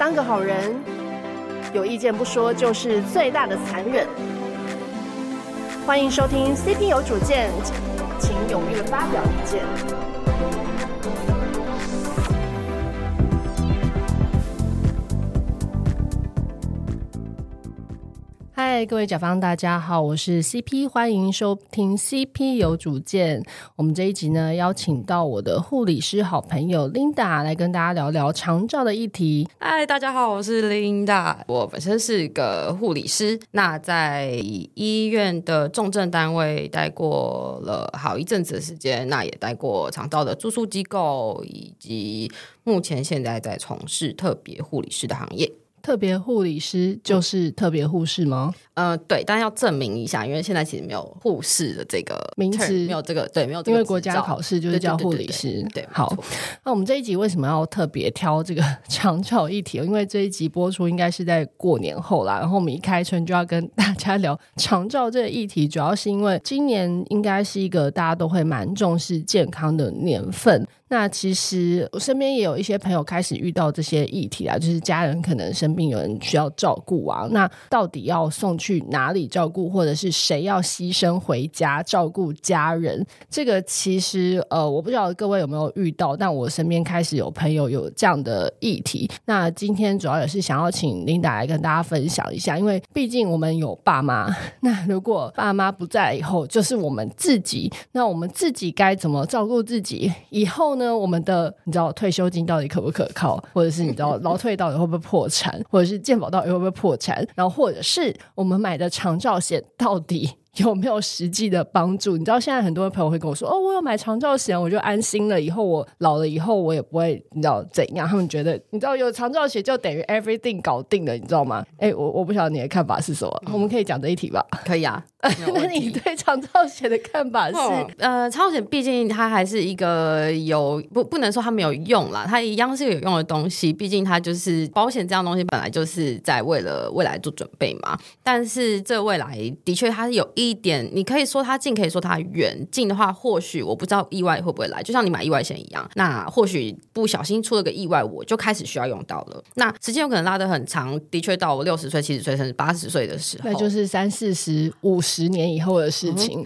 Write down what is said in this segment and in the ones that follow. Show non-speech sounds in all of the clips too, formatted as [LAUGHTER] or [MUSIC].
當個好人，有意見不說就是最大的殘忍。歡迎收聽 CP 有主見，請踴躍發表意見。嗨，各位甲方，大家好，我是 CP，歡迎收聽 CP 有主見。我們這一集呢，邀請到我的護理師好朋友 Linda 來跟大家聊聊長照的議題。嗨，大家好，我是 Linda，我本身是一個護理師，那在醫院的重症單位待過了好一陣子的時間，那也待過長照的住宿機構，以及目前現在在從事特別護理師的行業。特別護理師就是特別護士嗎？嗯，呃，對，但要證明一下，因為現在其實沒有護士的這個名詞，名字，這個，沒有這個對，沒有這個。因為國家考試就是叫護理師。對,對,對,對，對，好，那我們這一集為什麼要特別挑這個長照議題？因為這一集播出應該是在過年後啦，然後我們一開春就要跟大家聊長照這個議題，主要是因為今年應該是一個大家都會蠻重視健康的年份。那其實我身邊也有一些朋友開始遇到這些議題啊，就是家人可能生病，有人需要照顧啊。那到底要送去哪裡照顧，或者是誰要犧牲回家照顧家人？這個其實呃，我不知道各位有沒有遇到，但我身邊開始有朋友有這樣的議題。那今天主要也是想要請 Linda 來跟大家分享一下，因為畢竟我們有爸媽，那如果爸媽不在以後，就是我們自己。那我們自己該怎麼照顧自己以後呢？那我們的，你知道退休金到底可不可靠，或者是你知道勞退到底會不會破產，或者是健保到底會不會破產，然後或者是我們買的長照險到底有沒有實際的幫助？你知道現在很多朋友會跟我說：“哦，我有買長照險，我就安心了。以後我老了以後，我也不會，你知道怎樣？”他們覺得，你知道有長照險就等於 everything 搞定的，你知道嗎？哎，我我不曉得你的看法是什麼，我們可以講這一題吧、嗯？嗯、可以啊。 [LAUGHS] 那你對長照險的看法是？呃，長照險畢竟它還是一個有，不不能說它沒有用啦，它一樣是有用的東西。畢竟它就是保險這樣東西，本來就是在為了未來做準備嘛。但是這未來的確它是有。一點，你可以說它近，可以說它遠。近的話，或許我不知道意外會不會來，就像你買意外險一樣。那或許不小心出了個意外，我就開始需要用到了。那時間有可能拉得很長，的確到我六十歲、七十歲甚至八十歲的時候，對，就是三四十五十年以後的事情。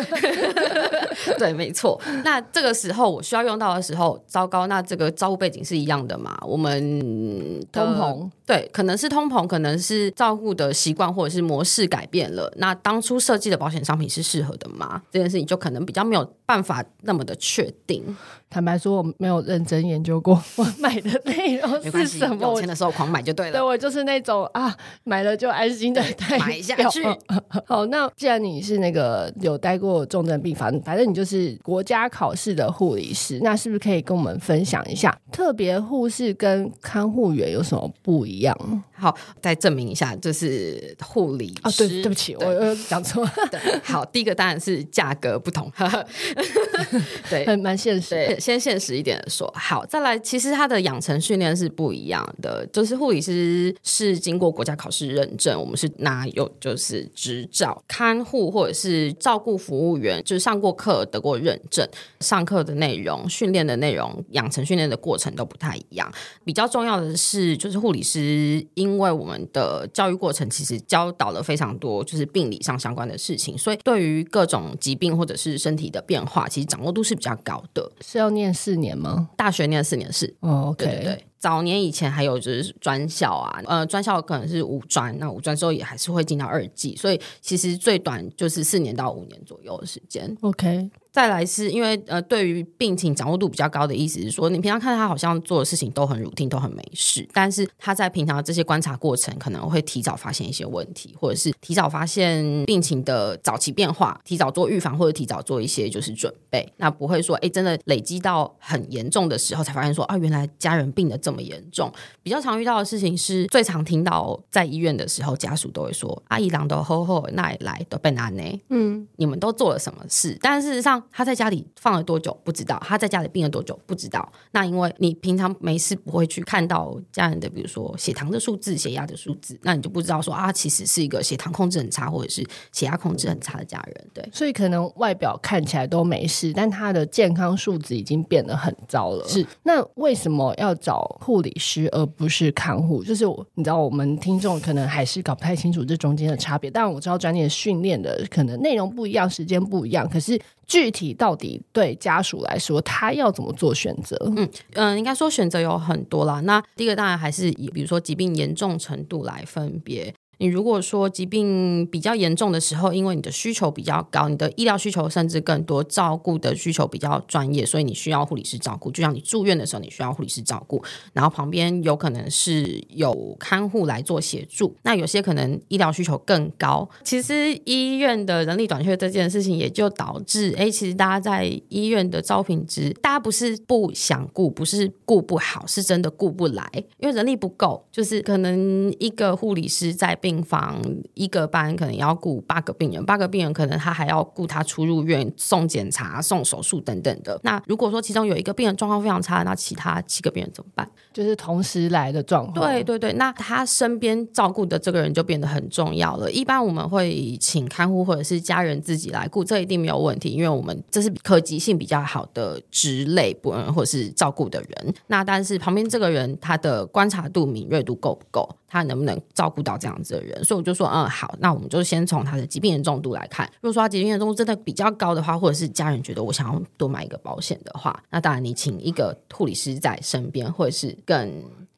[LAUGHS] [LAUGHS] 對，沒錯。那這個時候我需要用到的時候，糟糕，那這個照顧背景是一樣的嘛？我們、嗯、通膨，通膨對，可能是通膨，可能是照顧的習慣或者是模式改變了。那當初設計記得保險商品是適合的嗎？這件事情就可能比較沒有辦法那麼的確定。坦白說，我沒有認真研究過我買的內容是什麼。 [LAUGHS] 有錢的時候狂買就對了。對，我就是那種啊，買了就安心的買下去。嗯嗯、好，那既然你是那個有待過重症病房，反正你就是國家考試的護理師，那是不是可以跟我們分享一下、嗯、特別護士跟看護員有什麼不一樣？好，再證明一下，就是護理師。啊、對，對不起，對我有講錯。 [LAUGHS] 對好，第一個當然是價格不同。 [LAUGHS] 對，蠻 [LAUGHS] 現實，先現實一點說。好，再來，其實他的養成訓練是不一樣的。就是護理師是經過國家考試認證，我們是拿有就是執照看護或者是照顧服務員，就是上過課得過認證，上課的內容，訓練的內容，養成訓練的過程都不太一樣。比較重要的是，就是護理師因為我們的教育過程其實教導了非常多，就是病理上相關的。事情，所以對於各種疾病或者是身體的變化，其實掌握度是比較高的。是要念四年嗎？大學念四年是。哦、oh, okay. 對，對對。早年以前還有就是專校啊，呃，專校可能是五專，那五專之後也還是會進到二技，所以其實最短就是四年到五年左右的時間。OK，再來是因為呃，對於病情掌握度比較高的意思是說，你平常看他好像做的事情都很 routine，都很沒事，但是他在平常的這些觀察過程可能會提早發現一些問題，或者是提早發現病情的早期變化，提早做預防，或者提早做一些就是準備，那不會說，哎，真的累積到很嚴重的時候才發現說，啊，原來家人病的。這麼嚴重，比較常遇到的事情是最常聽到，在醫院的時候家屬都會說：“阿姨，啷都吼吼，那一來都被拿。”嗯，你們都做了什麼事？但事實上，他在家裡放了多久不知道，他在家裡病了多久不知道。那因為你平常沒事不會去看到家人的，比如說血糖的數字、血壓的數字，那你就不知道說啊，其實是一個血糖控制很差，或者是血壓控制很差的家人。對，所以可能外表看起來都沒事，但他的健康數字已經變得很糟了。是，那為什麼要找？護理師，而不是看護，就是我，你知道，我們聽眾可能還是搞不太清楚這中間的差別。但我知道專業訓練的可能內容不一樣，時間不一樣。可是具體到底對家屬來說，他要怎麼做選擇？嗯嗯，呃，應該說選擇有很多啦。那第一個當然還是以比如說疾病嚴重程度來分別。你如果說疾病比較嚴重的時候，因為你的需求比較高，你的醫療需求甚至更多，照顧的需求比較專業，所以你需要護理師照顧，就像你住院的時候，你需要護理師照顧，然後旁邊有可能是有看護來做協助。那有些可能醫療需求更高，其實醫院的人力短缺這件事情，也就導致誒，其實大家在醫院的照顧品質，大家不是不想顧，不是顧不好，是真的顧不來，因為人力不夠，就是可能一個護理師在被。病房一個班可能要顧八個病人，八個病人可能他還要顧他出入院、送檢查、送手術等等的。那如果說其中有一個病人狀況非常差，那其他七個病人怎麼辦？就是同時來的狀況。對對對，那他身邊照顧的這個人就變得很重要了。一般我們會請看護或者是家人自己來顧，這一定沒有問題，因為我們這是可及性比較好的職類，不，或者是照顧的人。那但是旁邊這個人他的觀察度、敏銳度夠不夠？他能不能照顧到這樣子？人所以我就說，嗯，好，那我們就先從他的疾病嚴重度來看。如果說他疾病嚴重度真的比較高的話，或者是家人覺得我想要多買一個保險的話，那當然你請一個護理師在身邊，或者是更。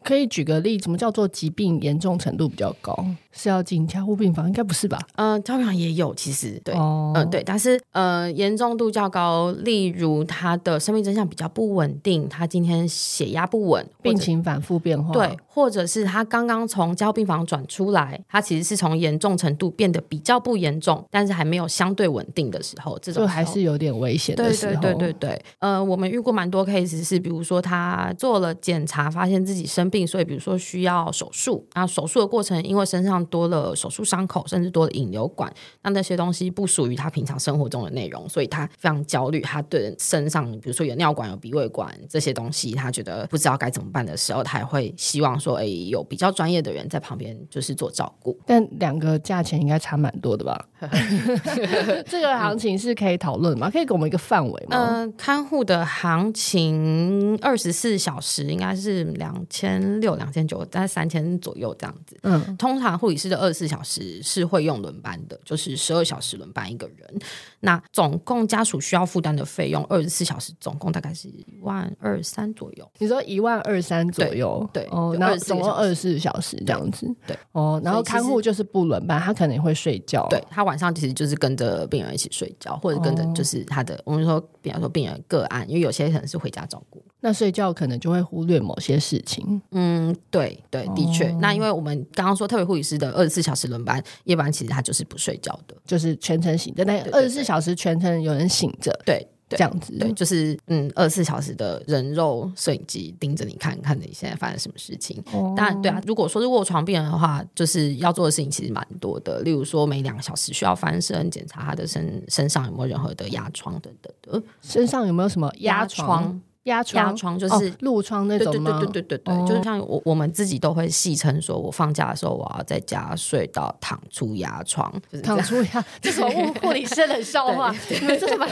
可以舉個例，怎麼叫做疾病嚴重程度比較高？是要進加護病房？應該不是吧？嗯、呃，加護也有，其實對，哦、嗯，對，但是呃，嚴重度較高，例如他的生命徵象比較不穩定，他今天血壓不穩，病情反覆變化，對，或者是他剛剛從加護病房轉出來，他其實是從嚴重程度變得比較不嚴重，但是還沒有相對穩定的時候，這種就還是有點危險的時候，對,對對對對對。呃，我們遇過蠻多 case 是，比如說他做了檢查，發現自己生病，所以比如說需要手術，那手術的過程因為身上多了手術傷口，甚至多了引流管，那那些東西不屬於他平常生活中的內容，所以他非常焦慮。他對身上，比如說有尿管、有鼻胃管這些東西，他覺得不知道該怎麼辦的時候，他還會希望說，誒、哎，有比較專業的人在旁邊就是做照顧。但兩個價錢應該差蠻多的吧？ [LAUGHS] [LAUGHS] 這個行情是可以討論嗎？可以給我們一個範圍嗎？呃，看護的行情二十四小時應該是兩千。六兩千九，大概三千左右這樣子。嗯，通常護理師的二十四小時是會用輪班的，就是十二小時輪班一個人。那總共家屬需要負擔的費用，二十四小時總共大概是一萬二三左右。你說一萬二三左右？對，那、哦、總共二十四小時這樣子。對，對哦，然後看護就是不輪班，他可能會睡覺、啊。對，他晚上其實就是跟着病人一起睡覺，或者跟着就是他的，哦、我們說，比方說病人個案，因為有些可能是回家照顧。那睡覺可能就會忽略某些事情。嗯，對對，的確。Oh. 那因為我們剛剛說，特別護理師的二十四小時輪班，夜班其實他就是不睡覺的，就是全程醒着。那二十四小時全程有人醒着，對，對對這樣子，對嗯、就是嗯，二十四小時的人肉攝影機盯着你看，看看你現在發生什麼事情。當然、oh.，對啊，如果說是臥床病人的話，就是要做的事情其實蠻多的，例如說每兩個小時需要翻身檢查他的身身上有沒有任何的壓瘡等等的，身上有沒有什麼壓瘡。壓瘡壓瘡就是褥瘡，oh, 那種嗎？對對對對對，對，對，oh. 就是像我我們自己都會戲稱說，我放假的時候我要在家睡到躺出壓瘡，就是，躺出壓，這，就是我護理師的笑話， [LAUGHS] 對你們這什麼？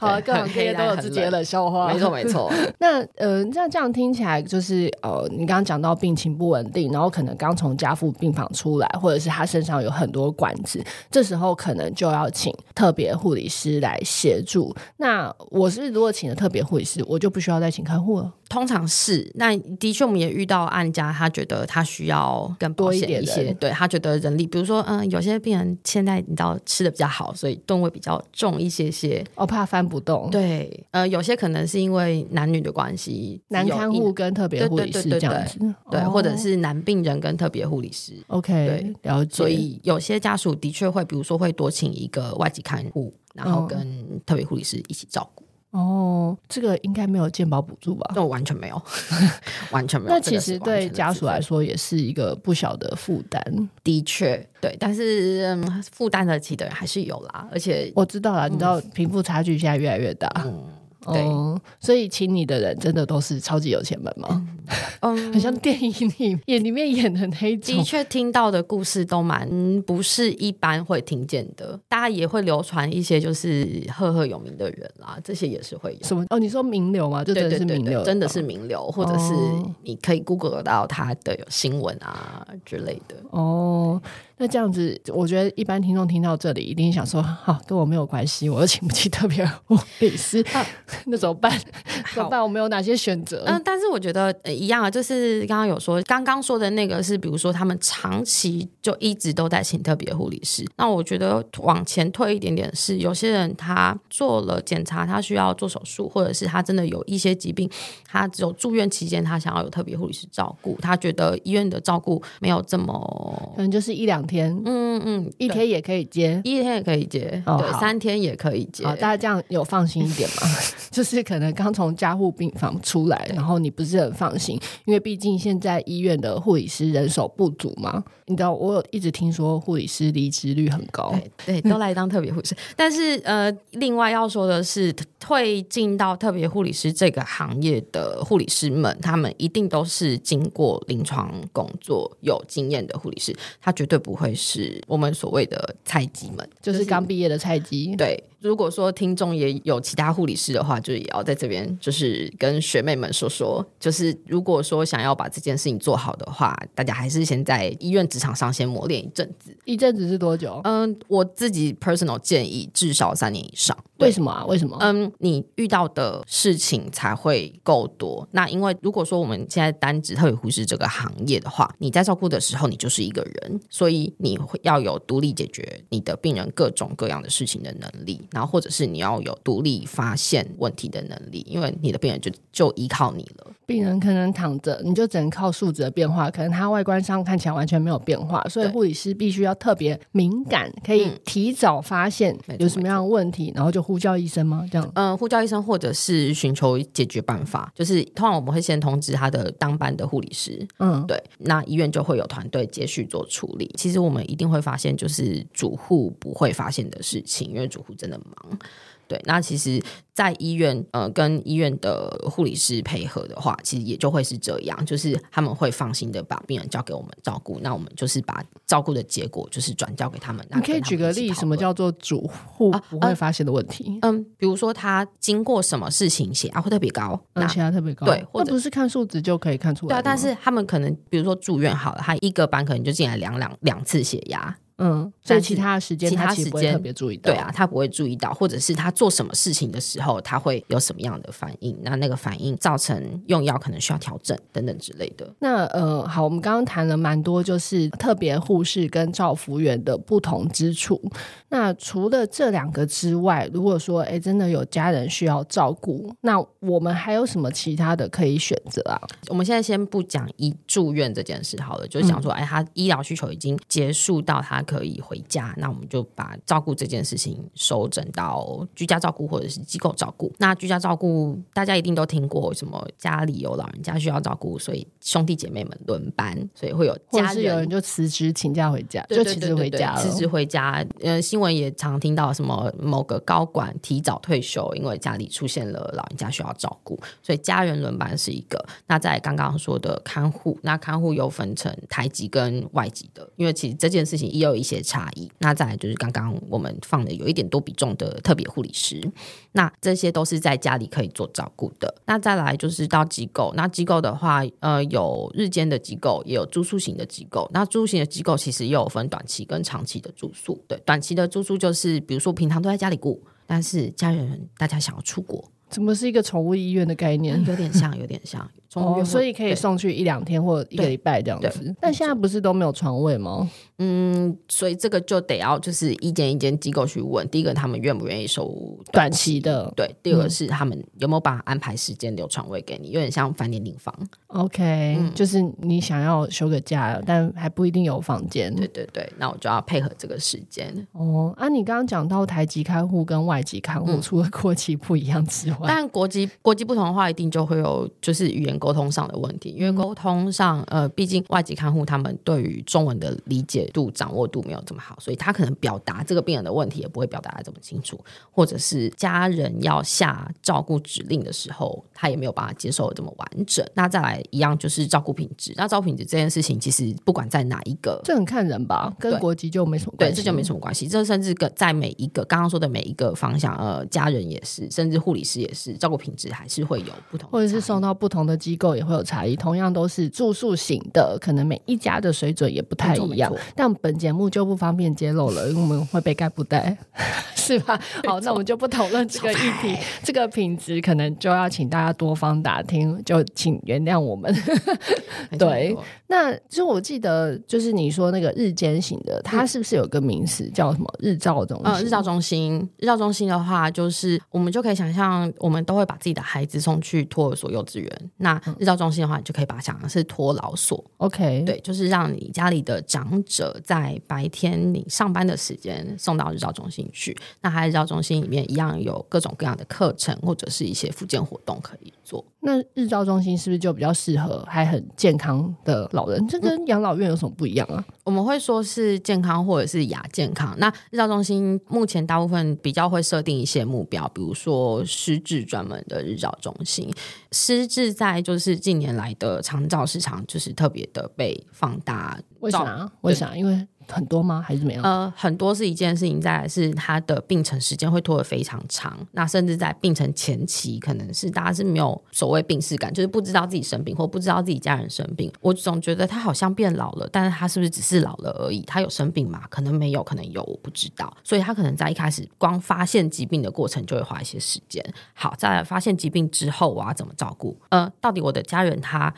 好，啊，各行各業都有自己的冷笑話，沒錯沒錯。 [LAUGHS] 那呃，這樣這樣聽起來就是呃，你剛剛講到病情不穩定，然後可能剛從加護病房出來，或者是他身上有很多管子，這時候可能就要請特別護理師來協助。那我是如果請了特別護理師。我就不需要再請看護了？通常是那的確，我們也遇到案家，他覺得他需要更多一點一些，對他覺得人力，比如說，嗯，有些病人現在你知道吃得比較好，所以噸位比較重一些些，我、哦、怕翻不動。對，呃，有些可能是因為男女的關係，男看護跟特別護理師這樣子，對，或者是男病人跟特別護理師。OK，了解。所以有些家屬的確會，比如說會多請一個外籍看護，然後跟特別護理師一起照顧。嗯哦，這個應該沒有健保補助吧？那我完全沒有，完全沒有。 [LAUGHS] 那其實對家屬來說也是一個不小的負擔，的確，對。但是、嗯、負擔得起的人還是有啦，而且我知道啦，你知道、嗯、貧富差距現在越來越大。嗯對、oh. 所以請你的人真的都是超級有錢人嗎？嗯，oh. [LAUGHS] 很像電影裡演裡面演的那一種。的確，聽到的故事都蠻不是一般會聽見的，大家也會流傳一些就是赫赫有名的人啦，這些也是會有什麼哦？你說名流嗎？真的是名流的啊、對對對對，真的是名流，oh. 或者是你可以 Google 到他的新聞啊之類的哦。Oh. 那這樣子，我覺得一般聽眾聽到這裡，一定想說：“好，跟我沒有關係，我又請不起特別護理師，啊，那怎麼辦？好怎麼辦？我們有哪些選擇？”嗯，但是我覺得、欸、一樣，啊，就是剛剛有說，剛剛說的那個是，比如說他們長期就一直都在請特別護理師。那我覺得往前推一點點是，有些人他做了檢查，他需要做手術，或者是他真的有一些疾病，他只有住院期間，他想要有特別護理師照顧，他覺得醫院的照顧沒有這麼，可能、嗯、就是一兩。天，嗯嗯嗯，一天也可以接，一天也可以接，對，三天也可以接。好，大家這樣有放心一點嗎？ [LAUGHS] 就是可能剛從加護病房出來，然後你不是很放心，對因為畢竟現在醫院的護理師人手不足嘛。你知道，我有一直聽說護理師離職率很高。對，對，都來當特別護士。 [LAUGHS] 但是，呃，另外要說的是，會進到特別護理師這個行業的護理師們，他們一定都是經過臨床工作有經驗的護理師，他絕對不會。會是我們所謂的菜雞們，就是、就是剛畢業的菜雞，對。如果說聽眾也有其他護理師的話，就也要在這邊，就是跟學妹們說說，就是如果說想要把這件事情做好的話，大家還是先在醫院職場上先磨練一陣子。一陣子是多久？嗯，我自己 personal 建議至少三年以上。為什麼啊？為什麼？嗯，你遇到的事情才會夠多。那因為如果說我們現在單指特別護士這個行業的話，你在照顧的時候，你就是一個人，所以你要有獨立解決你的病人各種各樣的事情的能力。然後，或者是你要有獨立發現問題的能力，因為你的病人就就依靠你了。病人可能躺着，你就只能靠數值的變化，可能他外觀上看起來完全沒有變化，所以護理師必須要特別敏感，可以提早發現有什麼樣的問題，嗯、然後就呼叫醫生嗎？這樣？嗯，呼叫醫生，或者是尋求解決辦法。就是通常我們會先通知他的當班的護理師，嗯，對，那醫院就會有團隊接續做處理。其實我們一定會發現就是主護不會發現的事情，嗯、因為主護真的。忙，對，那其實，在醫院，呃，跟醫院的護理師配合的話，其實也就會是這樣，就是他們會放心的把病人交給我們照顧，那我們就是把照顧的結果就是轉交給他們。他們，你可以舉個例，什麼叫做主護不會發現的問題，啊嗯？嗯，比如說他經過什麼事情，血壓會特別高，嗯，血壓特別高，那對，或者那不是看數值，就可以看出來，對，啊，但是他們可能，比如說住院好了，他一個班可能就進來兩兩兩次血壓。嗯，在其他的時間，其他時間特別注意到，對啊，他不會注意到，或者是他做什麼事情的時候，他會有什麼樣的反應？那那個反應造成用藥可能需要調整等等之類的。那呃，好，我們剛剛談了蠻多，就是特別護士跟照服員的不同之處。那除了這兩個之外，如果說哎、欸，真的有家人需要照顧，那我們還有什麼其他的可以選擇啊？我們現在先不講醫住院這件事好了，就是講說，哎、嗯欸，他醫療需求已經結束到他。可以回家，那我們就把照顧這件事情收整到居家照顧，或者是機構照顧。那居家照顧大家一定都聽過，什麼家裡有老人家需要照顧，所以兄弟姐妹們輪班，所以會有家。家有人就辭職請假回家，對對對對對就辭職回家，辭職回家。呃，新聞也常聽到什麼某個高管提早退休，因為家裡出現了老人家需要照顧，所以家人輪班是一個。那在剛剛說的看護，那看護又分成台籍跟外籍的，因為其實這件事情也有一些差異，那再來就是剛剛我們放的有一點多比重的特別護理師，那這些都是在家裡可以做照顧的。那再來就是到機構，那機構的話，呃，有日間的機構，也有住宿型的機構。那住宿型的機構其實也有分短期跟長期的住宿。對，短期的住宿就是比如說平常都在家裡顧，但是家人大家想要出國。怎麼是一個寵物醫院的概念？嗯，有點像，有點像。 [LAUGHS] 哦、所以可以送去一兩天或一個禮拜這樣子，但現在不是都沒有床位嗎？嗯，所以這個就得要就是一間一間機構去問。第一個，他們願不願意收短期，短期的；對，第二個是他們有沒有辦法安排時間留床位給你，嗯、有點像飯店訂房。OK、嗯、就是你想要休個假，但還不一定有房間。對對對，那我就要配合這個時間。哦，啊，你剛剛講到台籍看護跟外籍看護，嗯、除了國籍不一樣之外，但國籍國籍不同的話，一定就會有就是語言。溝通上的問題，因為溝通上，呃，畢竟外籍看護他們對於中文的理解度、掌握度沒有這麼好，所以他可能表達這個病人的問題也不會表達的這麼清楚，或者是家人要下照顧指令的時候，他也沒有辦法接受的這麼完整。那再來，一樣就是照顧品質，那照顧品質這件事情，其實不管在哪一個，這很看人吧，跟國籍就沒什麼關係，對，這就沒什麼關係。這甚至跟在每一個剛剛說的每一個方向，呃，家人也是，甚至護理師也是，照顧品質還是會有不同，或者是送到不同的。機構也會有差異，同樣都是住宿型的，可能每一家的水準也不太錯一樣，錯但本節目就不方便揭露了，因為 [LAUGHS] 我們會被蓋布袋， [LAUGHS] 是吧？ [LAUGHS] 好，那我們就不討論這個議題，來這個品質可能就要請大家多方打聽，就請原諒我們。 [LAUGHS] 對，那其實我記得就是你說那個日間型的，嗯、它是不是有個名詞叫什麼日照中心、嗯？日照中心，日照中心的話，就是我們就可以想象，我們都會把自己的孩子送去托兒所、幼稚園，那。日照中心的話，你就可以把它想象是托老所，OK，對，就是讓你家裡的長者在白天你上班的時間送到日照中心去。那他日照中心裡面一樣有各種各樣的課程或者是一些復健活動可以做。那日照中心是不是就比較適合還很健康的老人？嗯、這跟養老院有什麼不一樣啊？我們會說是健康或者是亞健康。那日照中心目前大部分比較會設定一些目標，比如說失智專門的日照中心。失智在就是近年來的長照市場就是特別的被放大。為什麼、啊？對為啥、啊？因為。很多嗎？還是怎麼樣？呃，很多是一件事情，再來是他的病程時間會拖得非常長。那甚至在病程前期，可能是大家是沒有所謂病識感，就是不知道自己生病，或不知道自己家人生病。我總覺得他好像變老了，但是他是不是只是老了而已？他有生病嗎？可能沒有，可能有，我不知道。所以他可能在一開始光發現疾病的過程就會花一些時間。好，再來發現疾病之後我要怎麼照顧？呃，到底我的家人他。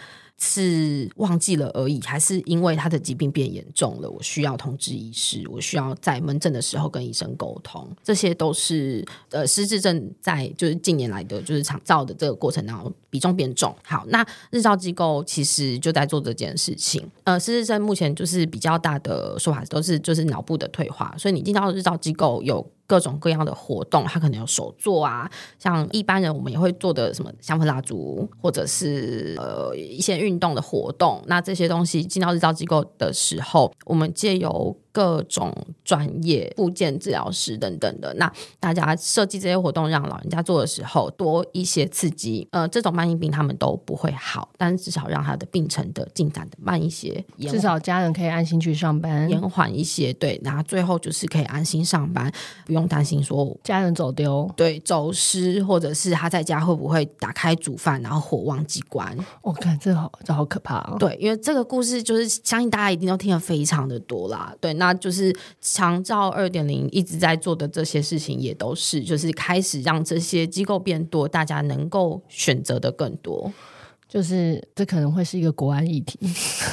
是忘記了而已，還是因為他的疾病變嚴重了？我需要通知醫師，我需要在門診的時候跟醫生溝通，這些都是呃失智症在就是近年來的，就是長照的這個過程當中。比重變重，好，那日照機構其實就在做這件事情。呃，失智症目前就是比較大的說法都是就是腦部的退化，所以你進到日照機構有各種各樣的活動，他可能有手作啊，像一般人我們也會做的什麼香氛蠟燭，或者是呃一些運動的活動。那這些東西進到日照機構的時候，我們借由各種專業復健治療師等等的，那大家設計這些活動，讓老人家做的時候多一些刺激，呃，這種慢性病他們都不會好，但至少讓他的病程的進展的慢一些，至少家人可以安心去上班，延緩一些，對，然後最後就是可以安心上班，不用擔心說家人走丟，對，走失或者是他在家會不會打開煮飯然後火忘記關，我看、哦、這好這好可怕啊，對，因為這個故事就是相信大家一定都聽得非常的多啦，對。那就是長照二點零一直在做的這些事情，也都是就是開始讓這些機構變多，大家能夠選擇的更多。就是這可能會是一個國安議題，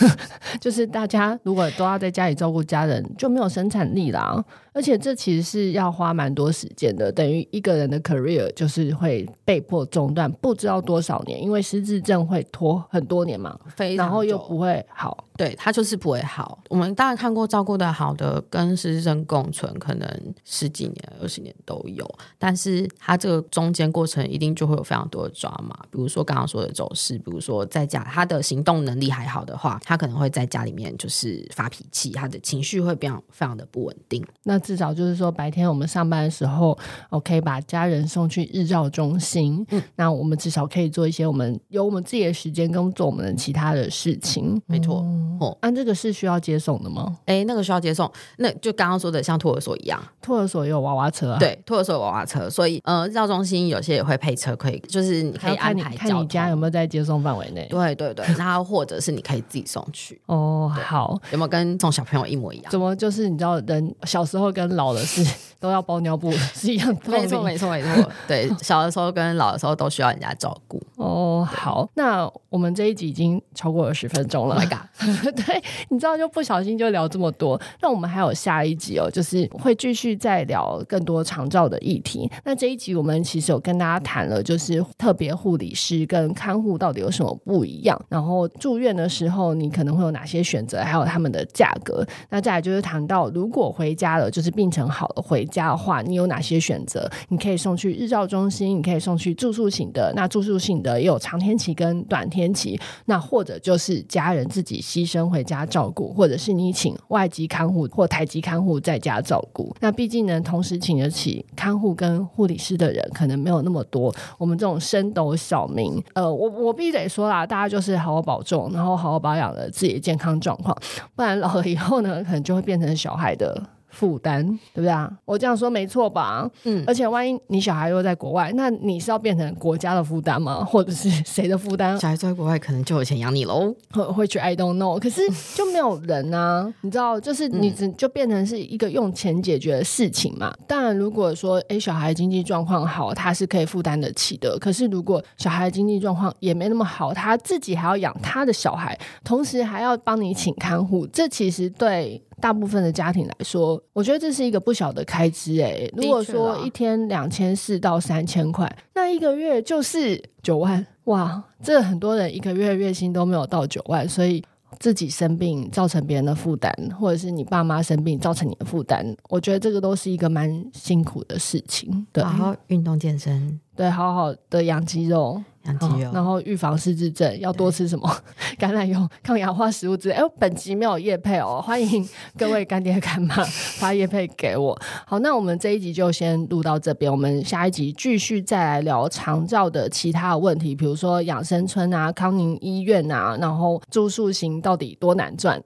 [LAUGHS] 就是大家如果都要在家裡照顧家人，就沒有生產力了啊而且這其實是要花蠻多時間的，等於一個人的 career 就是會被迫中斷，不知道多少年，因為失智症會拖很多年嘛，非常 然後又不會好，對，他就是不會好。會好我們當然看過照顧得好的，跟失智症共存，可能十幾年、二十年都有，但是他這個中間過程一定就會有非常多的抓馬。比如說剛剛說的走勢，比如說在家他的行動能力還好的話，他可能會在家裡面就是發脾氣，他的情緒會變非，非常的不穩定。那至少就是說，白天我們上班的時候，我可以把家人送去日照中心。嗯、那我們至少可以做一些我們有我們自己的時間，跟做我們的其他的事情。嗯、沒錯哦，按、嗯啊、這個是需要接送的嗎？哎、欸，那個需要接送。那就剛剛說的，像託兒所一樣，託兒所有娃娃車、啊。對，託兒所有娃娃車，所以呃，日照中心有些也會配車，可以就是你可以安排看你。看你家有沒有在接送範圍內。對對對，然後 [LAUGHS] 或者是你可以自己送去。哦，對好，有沒有跟送小朋友一模一樣？怎麼就是你知道人小時候？跟老的是都要包尿布是一樣 [LAUGHS] 沒錯沒錯沒錯， [LAUGHS] 對，小的時候跟老的時候都需要人家照顧。哦，oh, 好，那我們這一集已經超過了十分鐘了、oh my God、 [LAUGHS] 對，你知道就不小心就聊這麼多。那我們還有下一集哦，就是會繼續再聊更多長照的議題。那這一集我們其實有跟大家談了，就是特別護理師跟看護到底有什麼不一樣，然後住院的時候你可能會有哪些選擇，還有他們的價格。那再來就是談到如果回家了，就是病程好了，回家的話，你有哪些選擇？你可以送去日照中心，你可以送去住宿型的，那住宿型的。也有長天期跟短天期，那或者就是家人自己犧牲回家照顧，或者是你請外籍看護或台籍看護在家照顧。那畢竟呢，同時請得起看護跟護理師的人，可能沒有那麼多。我們這種升斗小民，呃，我我必須得說啦，大家就是好好保重，然後好好保養了自己的健康狀況，不然老了以後呢，可能就會變成小孩的。負擔對不對啊？我這樣說沒錯吧？嗯，而且萬一你小孩又在國外，那你是要變成國家的負擔嗎？或者是誰的負擔？小孩在國外可能就有錢養你嘍。會去 [LAUGHS] I don't know。可是就沒有人啊， [LAUGHS] 你知道，就是你就變成是一個用錢解決的事情嘛。當然、嗯，如果說哎、欸，小孩經濟狀況好，他是可以負擔得起的。可是如果小孩經濟狀況也沒那麼好，他自己還要養他的小孩，同時還要幫你請看護，這其實對大部分的家庭來說，我覺得這是一個不小的開支。誒，欸，如果說一天兩千四到三千塊，那一個月就是九萬。哇！這很多人一個月月薪都沒有到九萬，所以自己生病造成別人的負擔，或者是你爸媽生病造成你的負擔，我覺得這個都是一個蠻辛苦的事情。對，好好運動健身，對，好好的養肌肉。哦、然後預防失智症要多吃什麼？對橄欖油、抗氧化食物之類。哎、欸，本集沒有業配哦，歡迎各位干爹乾媽發業配給我。好，那我們這一集就先錄到這邊，我們下一集繼續再來聊長照的其他的問題，嗯、比如說養生村啊、康寧醫院啊，然後住宿型到底多難賺？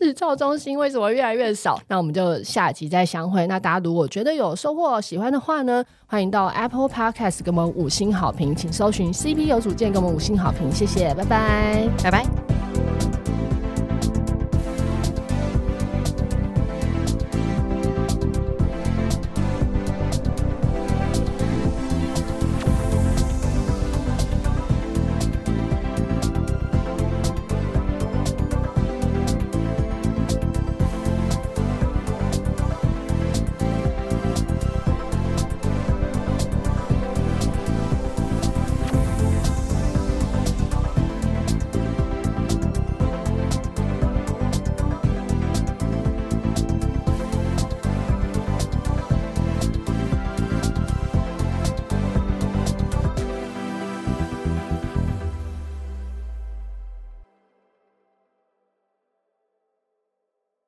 日 [LAUGHS] 照中心為什麼越來越少？ [LAUGHS] 那我們就下集再相會。那大家如果覺得有收穫、喜歡的話呢，歡迎到 Apple Podcast 給我們五星好評，請搜尋。 [LAUGHS] CP 有主見，給我們五星好評，謝謝，拜拜，拜拜。